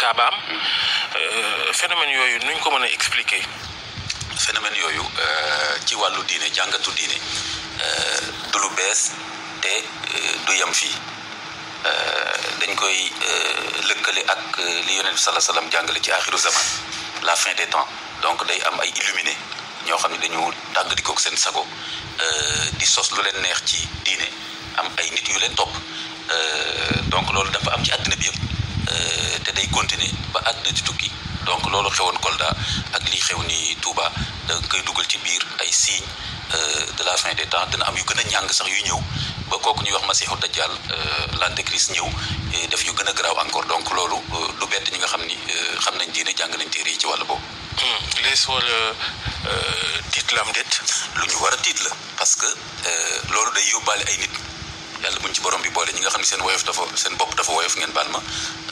Le euh, phénomène yoyu nuñ ko mëna expliquer. phénomène euh ci est qui qui du lu té euh, du euh, dañ koy ak la fin des temps donc day am ay illuminé ñoo xamni dañu di sos lu neex ci am ay nit yu donc lolu dafa am ci Euh, te day continuer ba àdduna ci tukki donc loolu xewoon Kolda ak lii xew ni Touba da nga koy dugal ci biir ay signe euh, de la fin des temps dana am yu gën a ñàng sax yu ñëw ba kooku ñuy wax Masiixu Dajjal euh, l'antéchrist ñëw def yu gën a garaaw encore donc loolu du bett ñi nga xam ni xam nañ diine jàng nañ téere yi ci wàll boobu. Hmm, les wala tiit la am lu ñu war a tiit la parce que loolu day yóbbaale ay nit. yàlla buñ ci borom bi boole ñi nga xam ne seen woyof dafa seen bopp dafa woyof ngeen baal ma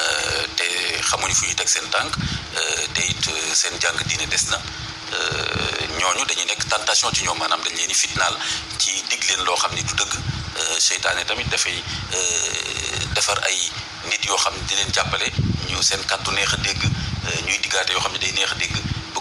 euh, te xamuñu fu ñu teg seen tànk euh, te it euh, seen jàng diine des na ñooñu dañuy nekk tentation ci ñoom maanaam dañ leen di fitnaal ci dig leen loo xam ni du dëgg seytaane tamit dafay defar ay nit yoo xam ne di leen jàppale ñu seen kàddu neex a dégg ñuy diggaate yoo xam ne day neex a dégg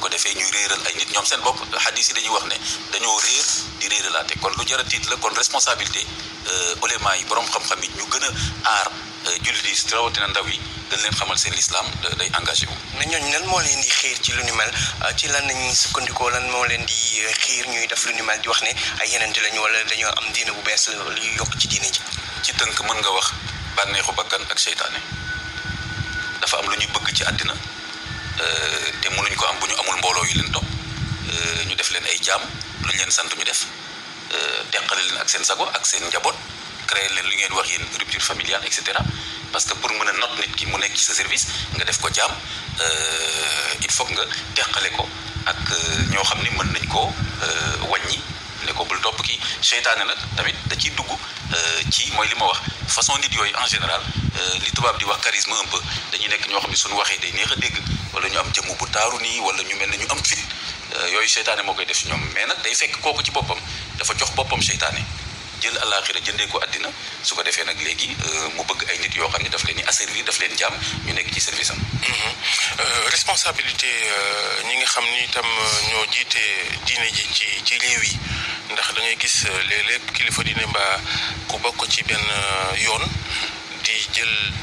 ko defee ñuy réeral ay nit ñoom seen bopp xadis yi dañuy wax ne dañoo réer di réeralaate kon lu jara tiit la kon responsabilité euh, ulema yi borom xam-xam yi ñu gën a aar euh, jullit yi rawatina ndaw yi dañ leen xamal seen lislaam euh, day engagé wu. mais ñooñ lan moo leen di xiir ci lu ni mel ci lan nañ sukkandikoo lan moo leen di xiir ñuy def lu ni mel di wax ne ay yeneen lañu wala dañoo am diine bu bees lu yokk ci diine ji. ci tënk mën nga wax bànneexu bakkan ak seytaane dafa am lu ñu bëgg ci àddina. Eh, té mënuñ ko am buñu ñu amul mbooloo yu leen euh ñu def leen ay jaam luñ leen sant ñu def dékkal eh, leen ak seen sago ak seen njabot créer leen lu ngeen wax yeen rupture familiale et cetera parce que pour mëna note not nit ki mu nekk ci sa service nga def ko euh il faut nga dékkalé ko ak eh, ño xamni mën nañ euh wañi né ko bul top ki seytaane nak tamit da ci dugg ci moy li ma wax façon nit yoy en général Euh, li tubaab di wax charisme un peu dañuy nekk ñoo xam ne suñu waxee day neex a dégg wala ñu am jëmm bu taaru nii wala ñu mel ne ñu am fit euh, yooyu seytaane moo koy def si ñoom nag day fekk kooku ci boppam dafa jox boppam seytaane jël àllaaxira jëndee ko àddina su ko defee nag léegi euh, mu bëgg ay nit yoo xam ne daf leen di asservir daf leen jaam ñu nekk ci service am. Mm-hmm. responsabilité ñi nga xam ni itam ñoo jiite diine ji ci ci yi ndax dangay gis léeg-léeg kilifa diine mbaa ku bokk ci benn yoon. jël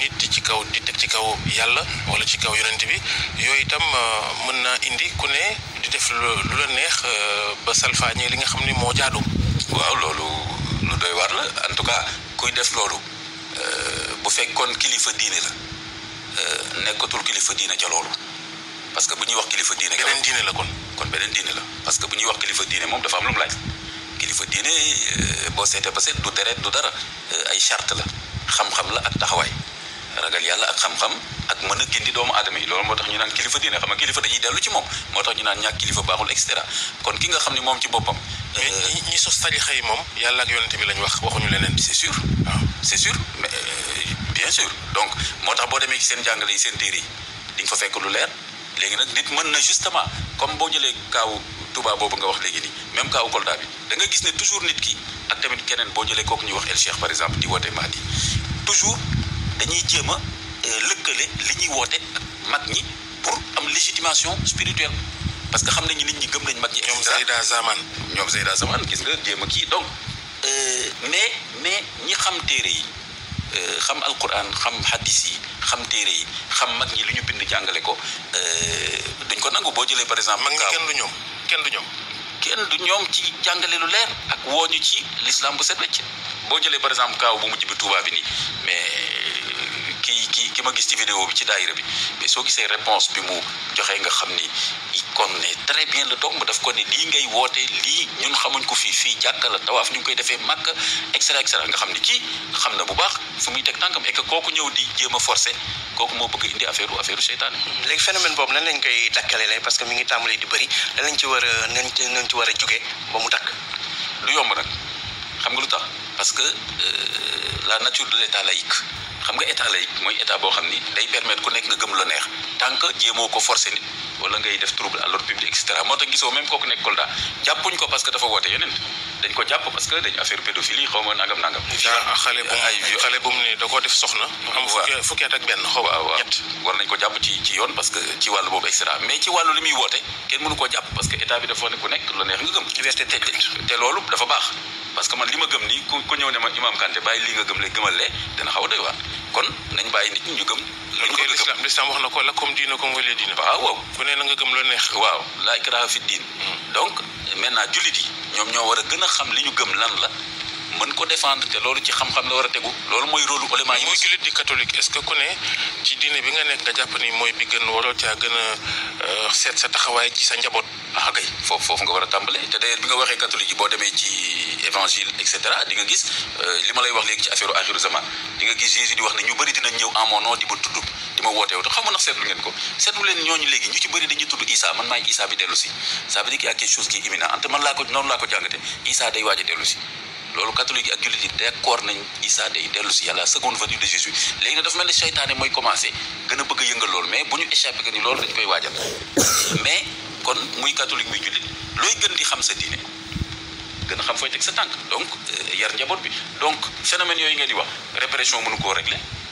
nit di ci kaw di tek ci kaw yalla wala ci kaw yonent bi yoy itam euh, mën na indi ku ne di def lu la neex euh, ba salfaañe li nga xamni mo jaadu waaw lolu lu doy war la en tout cas kuy def lolu euh, bu fekkon kilifa diine la nekkatul kilifa diine ca lolu parce que bu wax kilifa diine benen diine la kon kon benen diine la parce que bu ñuy wax kilifa diine mom dafa am lu mu kilifa diine bo sété ba du deret du dara ay charte la xam-xam la ak taxaway ragal yalla ak xam-xam ak mën a doomu aadama yi motax ñu naan kilifa diine xam nga kilifa dañuy delu ci mom motax ñu naan ñak kilifa baaxul et cetera kon ki nga xamni mom ci bopam euh, ñi sos tali xey mom yalla ak yoonte bi lañ wax ñu leneen c'est sûr c'est sûr mais euh, bien sûr donc motax bo boo ci seen jangale yi seen téré di nga fa fekk lu leer légui nak nit mën justement comme bo jëlé kaw tuba bobu nga wax légui ni même cas u Kolda bi da nga gis ne toujours nit ki ak tamit keneen boo jëlee kooku ñu wax El Cheikh par exemple di woté Madi. toujours dañuy jéem a euh, lëkkale li ñuy woté mag ñi pour am légitimation spirituelle parce que xam nañu nit ñi gëm nañ mag ñi. ñom Zeyda Zaman ñom Zeyda Zaman gis nga jéem ki donc euh mais mais ñi xam téré yi euh, xam alcorane xam hadith yi xam téré yi xam mag ñi lu ñu bind jàngalé ko euh, duñ ko nangu bo jëlé par exemple. mag ñi kenn du ñom kenn du ñom kenn du ñoom ci jàngale lu leer ak wooñu ci l'islam bu set wecc boo jëlee par exemple kaaw bu mujj bi Touba bi nii mais ki ki ki ma gis ci vidéo bi ci daayira bi mais soo gisee réponse bi mu joxee nga xamni il connaît très bien le dogme daf ko ne lii ngay woté li ñun xamuñ ko fi fi jàkka tawaf tawaaf ñu koy défé màkk et cetera nga xamni ni kii xam bu baax fu muy teg tànkam et que kooku ñëw di jéem forcer forcé kooku moo bëgg indi affaire affaire u seytaan phénomène boobu nan lañ koy takalé lay parce que mi ngi tambalé di bëri nan lañ ci wara a nan nañ ci wara a ba mu tak du yomb nak xam nga lutax parce que euh, la nature de l'état laïque xam nga état lay mooy état boo xam ni day permettre ku nekk nga gëm la neex tant que jéemoo ko forcer nit wala ngay def trouble à l'ordre public et moo tax gisoo même kooku nekk Kolda jàppuñ ko parce que dafa woote yeneen dañ ko jàpp parce que dañ affaire pédophilie xaw ma nangam nangam. xale bu ne da koo def soxna. am fukki at ak benn xaw ma ñett war que ci wàllu boobu et cetera mais ci nga gëm. loolu neex waaw laa ikraha fi diin hmm. donc maintenant jullit yi ñoom ñoo war a gën a xam li ñu gëm lan la mën ko défendre te loolu ci xam-xam la war a tegu loolu mooy rôle ulama yi muy jullit di catholique est-ce que ne ci diine bi nga nekk nga jàpp ni mooy bi gën waroo caa gën a euh, seet sa taxawaay ci sa njaboot ah kay foofu foofu nga war a tàmbale te d'ailleurs bi nga waxee catholique boo demee ci évangile et cetera di nga gis euh, li ma lay wax léegi ci affaire u axiru zaman di nga gis Jésus di wax ne ñu bëri dinañ ñëw en di ba tudd ma woote woote xaw ma ndax seetlu ngeen ko seetlu leen ñooñu léegi ñu ci bëri dañuy tudd Issa man maay Issa bi dellu si ça veut dire qu'il a quelque chose qui est imminent ante man laa ko noonu laa ko jàngate Issa day waaj a dellu si loolu catholique yi ak jullit yi d'accord nañ Issa day dellu yàlla seconde venue de Jésus léegi nag dafa mel ne seytaane mooy commencé gën a bëgg a yëngal loolu mais bu ñu échappé que ni loolu dañ koy waajal mais kon muy catholique muy jullit looy gën di xam sa gën a xam fooy teg sa tànk donc euh, yar njaboot bi donc phénomène yooyu ngeen di wax répression mënu koo régler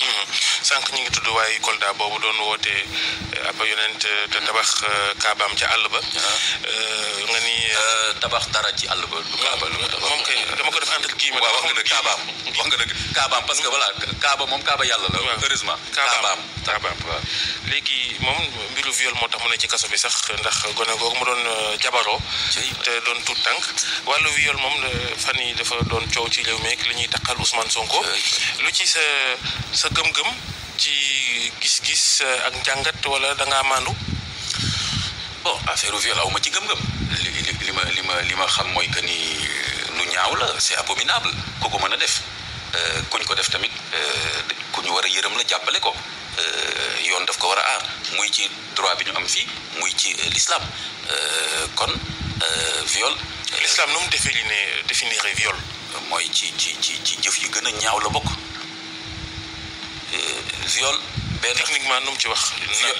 Hmm. sànq ñu ngi tudd waaye Kolda boobu doon woote eh, ab yonent eh, te tabax eh, kaabaam ca àll ba. Ah. nga ni. Euh, tabax dara ci àll ba. du kaaba lu hmm. moom kay dama ko def entre kii ma. waaw wax nga dëgg kaabaam wax nga dëgg kaabaam parce que voilà kaaba moom kaaba yàlla la. heureusement kaabaam kaabaam waaw. léegi moom mbiru viol moo tax mu ne ci kaso bi sax ndax gone googu ma doon jabaroo. te doon tuut tànk wàllu viol moom fan yi dafa doon coow ci réew mi li ñuy taqal Ousmane Sonko. lu ci sa gëm-gëm ci gis-gis eh, ak jangat wala da nga maandu bon affaire viol awma ci gëm-gëm lima lima lima xam moy que ni eh, lu ñaaw la c'est abominable ko ko meuna def def eh, kuñ ko def tamit euh kuñ wara a la jappalé ko yoon daf ko wara a muy ci droit bi ñu am fi muy ci l'islam kon viol l'islam num defini definir viol moy ci ci ci ci jëf yu gëna ñaaw la bokk viol ben techniquement num ci wax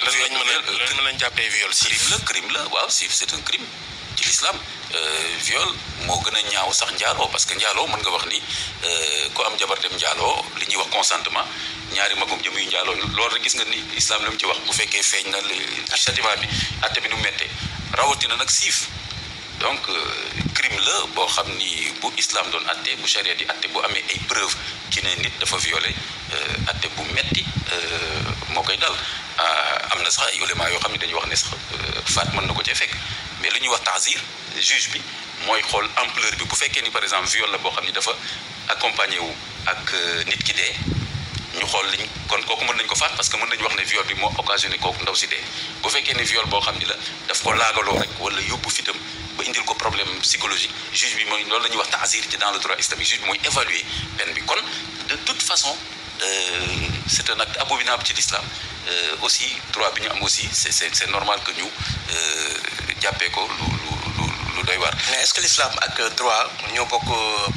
lan lañ mëna lan mëna jappé viol crime le crime la waaw si c'est un crime ci l'islam euh viol mo gëna ñaaw sax ndialo parce que ndialo mën nga wax ni euh ko am jabar dem ndialo li ñi wax consentement ñaari magum jëm yu ndialo lool rek gis nga ni islam lam ci wax bu fekke feñ na châtiment bi atté bi nu metté rawati na nak sif donc crime eh, la bo xamni bu islam don atté bu sharia di atté bu amé ay preuve ci ne nit dafa violé euh, atte bu metti euh, moo koy dal euh, am na sax ay uléma yoo xam ne dañuy wax ne sax faat mën na ko cee fekk mais li ñuy wax taasir juge bi mooy xool empleur bi bu fekkee ni par exemple viol la boo xam ni dafa accompagné wu ak nit ki dee ñu xol liñ kon kooku mën nañ ko faat parce que mën nañ wax ne viol bi mo occasioné kooku ndaw ci dé bu fekkee ne viol bo xamni la daf ko lagalo rek wala yóbbu fitam ba indil ko problème psychologique juge bi mooy loolu la ñuy wax taasir ci dans le droit islamique juge moy évaluer peine bi kon de toute façon euh c'est un acte abominable ci l'islam euh aussi droit bi ñu am aussi c'est c'est normal que ñu euh jappé ko lu doy waar mais est-ce que l'islam ak droit ñoo bokk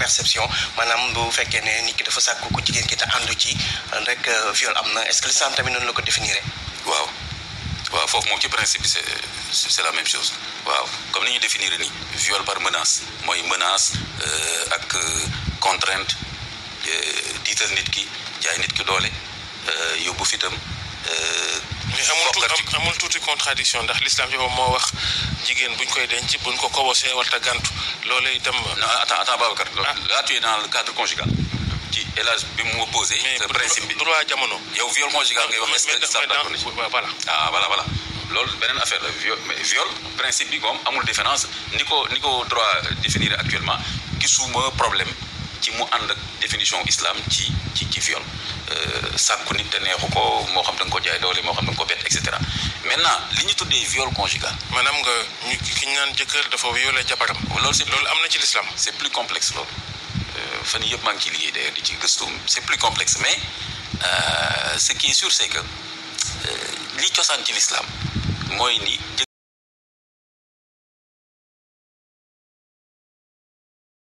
perception manam bu fekkee ne nit ki dafa sakku ku jigéen ki ta andu ci rek euh, viol amna est-ce que l'islam tamit non la ko définir waaw waaw fofu mom ci principe c'est c'est la même chose waaw comme ni ñu définir ni viol par menace moy menace euh, ak euh, contrainte euh, dites nit ki jaay nit ki doole euh, yóbbu fitam euh, mais amul tuuti contradiction ndax l'islam ci mo wax jigen buñ koy denc buñ ko kobosé warta gantu L'olé, itam. non attends attends Babacar. Ah. là tu es dans le cadre conjugal. ci élage bi mu opposé. ce principe bi droit jamono. yow viol conjugal ngay wax. mais mais voilà. ah voilà voilà. loolu benen affaire la viol principe bi moom amul différence ni niko ni droit définir actuellement gisuma problème ci mu ànd ak définition islam ci ci ci viol euh, sàkku nit te neexu ko moo xam da nga ko jaay doole moo xam ko bett et maintenant li ñu viol conjugal maanaam nga ñu ki ñu naan jëkkër dafa violé jabaram loolu c'est loolu am ci l'islam c'est plus complexe loolu euh, fan yëpp maa ngi ciy liggéey d'ailleurs di ci gëstu c'est plus complexe mais euh, ce qui est sûr c'est que li cosaan ci l'islam mooy ni